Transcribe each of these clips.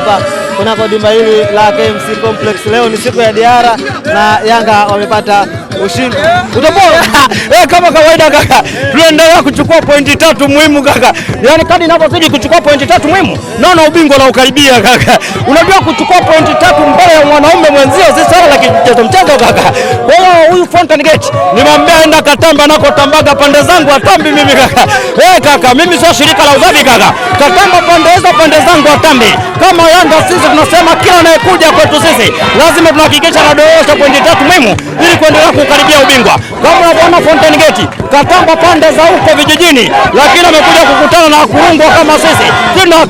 hapa kunako dimba hili la KMC Complex. Leo ni siku ya diara na Yanga wamepata ushindi. Eh, kama kawaida kaka, tunaendelea kuchukua pointi tatu muhimu kaka. Yaani kadi inavyozidi kuchukua pointi tatu muhimu, naona ubingwa na ukaribia kaka. Unajua kuchukua pointi tatu mbele ya mwanaume mwenzio sana na kimchezo mchezo kaka. Kwa hiyo huyu Fountain Gate nimwambia aenda Katamba tambaga pande zangu atambi mimi kaka. Eh kaka, mimi sio shirika la uzaji kaka. Katamba pande hizo pande zangu atambi. Kama Yanga sisi tunasema kila anayekuja kwetu sisi lazima tunahakikisha na anadorosha pointi tatu muhimu ili kuendelea kukaribia ubingwa. Kama unaona Fountain Gate Katamba pande za huko vijijini, lakini amekuja kukutana na kurungwa kama sisi.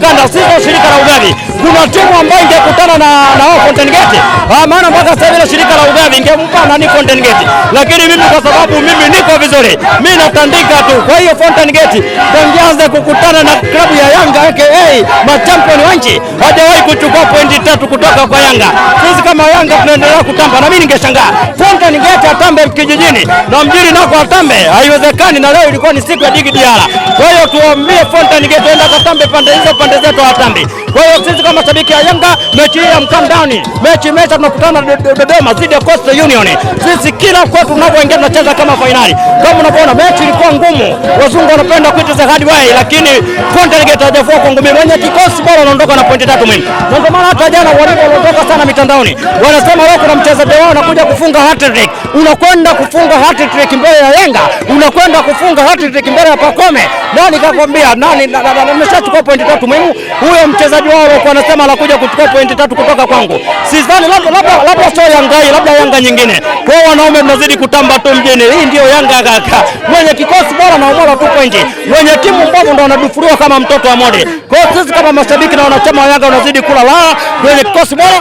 kanda sisi shirika la uzaji. Kuna timu ambayo ingekutana na na Fountain Gate. Ah, maana sasa hivi shirika la ugavi ingempa nani Fountain Gate, lakini mimi kwa sababu mimi niko vizuri, mimi natandika tu. Kwa hiyo Fountain Gate tangianze kukutana na klabu ya Yanga yake, hey, ma champion wa nchi, hajawahi kuchukua pointi tatu kutoka kwa Yanga. Sisi kama Yanga tunaendelea kutamba, na mimi ningeshangaa Fountain Gate atambe kijijini na mjini nako atambe, haiwezekani. Na leo ilikuwa ni siku ya Digi Diara, kwa hiyo tuambie Fountain Gate enda katambe pande hizo pande zetu atambe. Kwa hiyo sisi kama shabiki ya Yanga, mechi hii ya mkandani, mechi mecha tunakutana na Dodoma zidi ya Coastal Union. Sisi kila kwa tunapoingia tunacheza kama fainali. Kama unavyoona mechi ilikuwa ngumu, wazungu wanapenda kuita za hard way, lakini Conte Legate hajafua kwa ngumi, mwenye kikosi bora anaondoka na pointi tatu muhimu. Ndio maana hata jana walipo walipoondoka sana mitandaoni, wanasema leo kuna mchezaji wao anakuja kufunga hat-trick. Unakwenda kufunga hat-trick mbele ya Yanga, unakwenda kufunga hat-trick mbele ya Pacome. Nani kakwambia? Nani ameshachukua pointi tatu muhimu? Huyo mchezaji wao alikuwa anasema anakuja kuchukua pointi tatu kutoka kwangu, sidhani labda labda sio Yanga hii, labda Yanga nyingine. Kwa wanaume mnazidi kutamba tu mjini. Hii ndio Yanga kaka, mwenye kikosi bora na ubora tu pointi, mwenye timu mbovu ndo wanadufuriwa kama mtoto wa mode. Kwa hiyo sisi kama mashabiki na wanachama wa Yanga unazidi kula laa, mwenye kikosi bora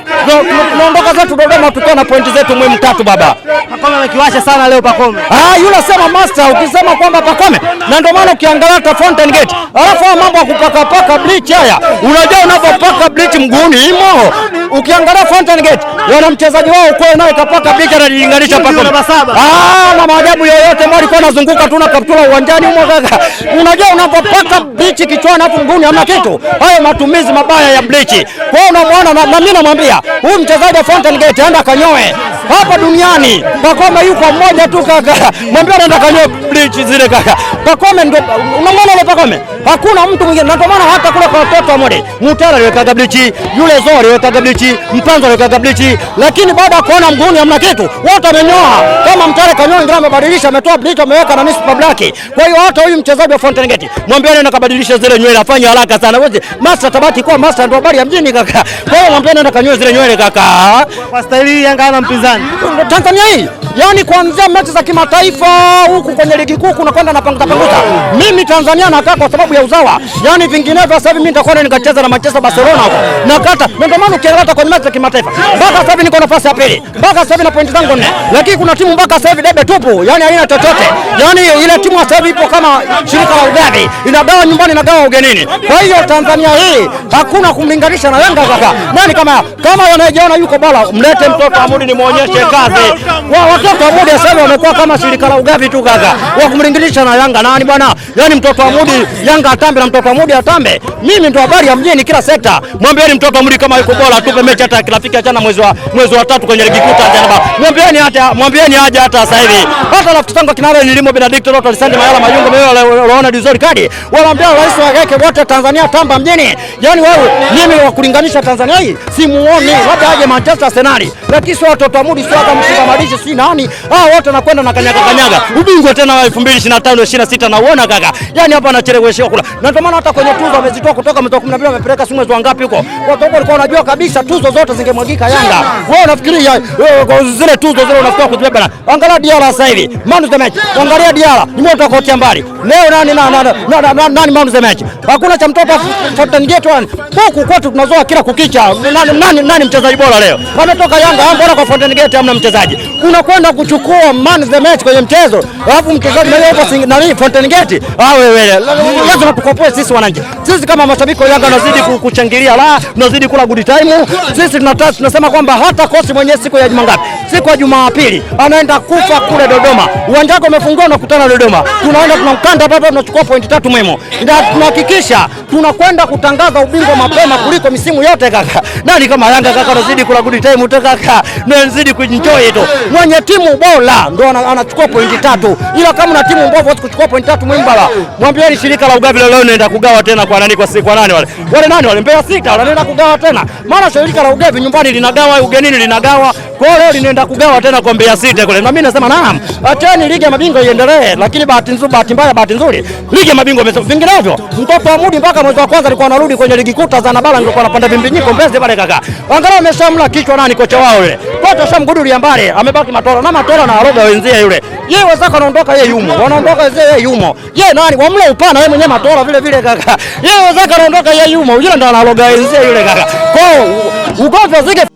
tunaondoka zetu Dodoma tukiwa na pointi zetu muhimu tatu. Baba Pakome amekiwasha sana leo. Pakome ah, yule sema master, ukisema kwamba Pakome, na ndio maana ukiangalia hata Fountain Gate, alafu hao mambo ya kupaka paka bleach haya, unajua unapopaka bleach mguuni imo, ukiangalia Fountain Gate wana wachezaji wao kwa nao kapaka pika na jilinganisha pako ah, na maajabu yoyote mwa kwa nazunguka tu na kaptula uwanjani humo. Kaka, unajua unapopaka bichi kichwani hapo mguuni hamna kitu. Hayo matumizi mabaya ya bleach. Kwa hiyo unamwona na, na mimi namwambia huyu mchezaji wa Fountain Gate aenda kanyoe hapa duniani. Pakome yuko mmoja tu kaka, mwambie anaenda kanyoe bleach zile kaka. Pakome ndio unamwona ile Pakome, hakuna mtu mwingine, na kwa maana hata kule kwa watoto wa Mode Mutara aliweka bleach, yule Zori aliweka bleach, Mpanzo aliweka bleach, lakini lakini baada ya kuona mguuni hamna kitu, wote wamenyoa kama mtare kanyoa, ndio amebadilisha, ametoa bliki, ameweka na nispa black. Kwa hiyo hata huyu mchezaji wa Fountain Gate mwambie nenda kabadilisha zile nywele, afanye haraka sana. Wewe master tabati kwa master, ndio habari ya mjini kaka. Kwa hiyo mwambie nenda kanyoa zile nywele kaka, kwa staili hii Yanga ana mpinzani Tanzania hii yani kuanzia mechi za kimataifa huku kwenye ligi kuu kunakwenda na panguta panguta. Mimi Tanzania nakaa kwa sababu ya uzawa, yani vinginevyo sasa hivi mimi nitakwenda nikacheza na Manchester Barcelona huko na nakata. Ndio maana ukiangalia hata kwenye mechi za kimataifa mpaka sasa hivi niko nafasi ya pili, mpaka sasa hivi na pointi zangu nne, lakini kuna timu mpaka sasa hivi debe tupu, yani haina chochote. Yani ile timu sasa hivi ipo kama shirika la ugavi, inagawa nyumbani, na inagawa ugenini. Kwa hiyo Tanzania hii hakuna kumlinganisha na Yanga kaka. Nani kama kama wanajiona yuko bora, mlete mtoto Amudi nimuonyeshe kazi. Mtoto wa Mudi sasa wamekuwa kama shirika la ugavi tu kaka, wa kumlingilisha na Yanga nani bwana? Yaani mtoto wa Mudi Yanga atambe na mtoto wa Mudi atambe. Mimi ndo habari ya mjini kila sekta. Mwambieni mtoto wa Mudi kama yuko bora, tupe mechi hata kirafiki, achana mwezi wa mwezi wa tatu kwenye ligi kuu Tanzania. Mwambieni hata mwambieni aje hata sasa hivi. Hata rafiki zangu kinara nilimo Benedict Roto alisende mayala majungu mimi wale waona dizori kadi. Wanaambia rais wa geke wote Tanzania tamba mjini. Yaani wewe mimi wa kulinganisha Tanzania hii simuoni hata aje Manchester Arsenal. Lakini sio watoto wa Mudi sio kama msikamalishi sina nani, hao wote wanakwenda na kanyaga kanyaga ubingwa tena wa 2025 26 na uona kaka, yani hapa anachelewesha kula, na ndio maana hata kwenye tuzo amezitoa kutoka mwezi wa 12 amepeleka simu mwezi ngapi huko, kwa sababu alikuwa anajua kabisa tuzo zote zingemwagika Yanga. Wewe unafikiria eh, eh, zile tuzo zile unafikia kuzibeba na angalia Diara sasa hivi man of the match, angalia Diara ni mtu akotia mbali leo nani na nani nani man of the match, hakuna cha mtoto Sultan Gate one huku kwetu tunazoa kila kukicha. Nani nani nani mchezaji bora leo ametoka Yanga, bora kwa Fountain Gate hamna mchezaji kuna kwa kwenda kuchukua man the match kwenye mchezo, alafu mchezaji mmoja yupo nani Fountain Gate. Ah, wewe lazima tukopoe sisi wananchi, sisi kama mashabiki wa Yanga tunazidi kuchangilia la tunazidi kula good time. Sisi tunataka tunasema kwamba hata kosi mwenyewe siku ya juma ngapi, siku ya Jumapili anaenda kufa kule Dodoma, uwanja wako wake na kutana Dodoma, tunaenda tunamkanda baba, tunachukua pointi tatu mwemo, ndio tunahakikisha tunakwenda kutangaza ubingwa mapema kuliko misimu yote kaka. Nani kama Yanga kaka, tunazidi kula good time tu kaka, tunazidi kuenjoy tu mwenye timu bora ndo anachukua pointi tatu, ila kama una timu mbovu hawezi kuchukua pointi tatu. Mwimbala, mwambieni shirika la ugavi leo naenda kugawa tena kwa nani? Kwa si kwa nani wale wale nani wale, Mbeya sita wanaenda kugawa tena, maana shirika la ugavi nyumbani linagawa, ugenini linagawa kwa leo linaenda kugawa tena kwa Mbeya City kule, na mimi nasema naam, acheni ligi ya mabingwa iendelee, lakini bahati nzuri, bahati mbaya, bahati nzuri, ligi ya mabingwa imesema vinginevyo. Mtoto wa Mudi mpaka mwezi wa kwanza alikuwa anarudi kwenye ligi kuu Tanzania bara, ndio anapanda vimbinyiko Mbezi pale kaka, angalau ameshamla kichwa nani, kocha wao yule kocha shamguduri ambale amebaki Matola na Matola na aroga wenzie yule yeye wazako anaondoka, yeye yumo, wanaondoka yeye yumo, yeye nani wamle upana, yeye mwenyewe Matola vile vile kaka, yeye wazako anaondoka, yeye yumo, yule ndo analoga wenzie yule kaka kwao ugonjwa zige